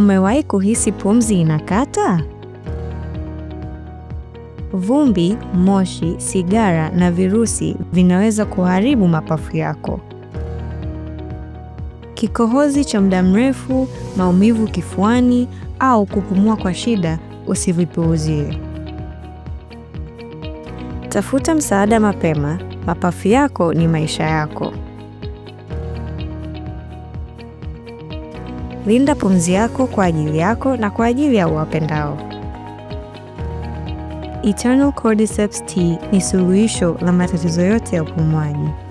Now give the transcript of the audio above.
Umewahi kuhisi pumzi inakata? Vumbi, moshi, sigara na virusi vinaweza kuharibu mapafu yako. Kikohozi cha muda mrefu, maumivu kifuani au kupumua kwa shida, usivipuuzie. Tafuta msaada mapema. Mapafu yako ni maisha yako. Linda pumzi yako kwa ajili yako na kwa ajili ya uwapendao. Eternal Cordyceps Tea ni suluhisho la matatizo yote ya upumuaji.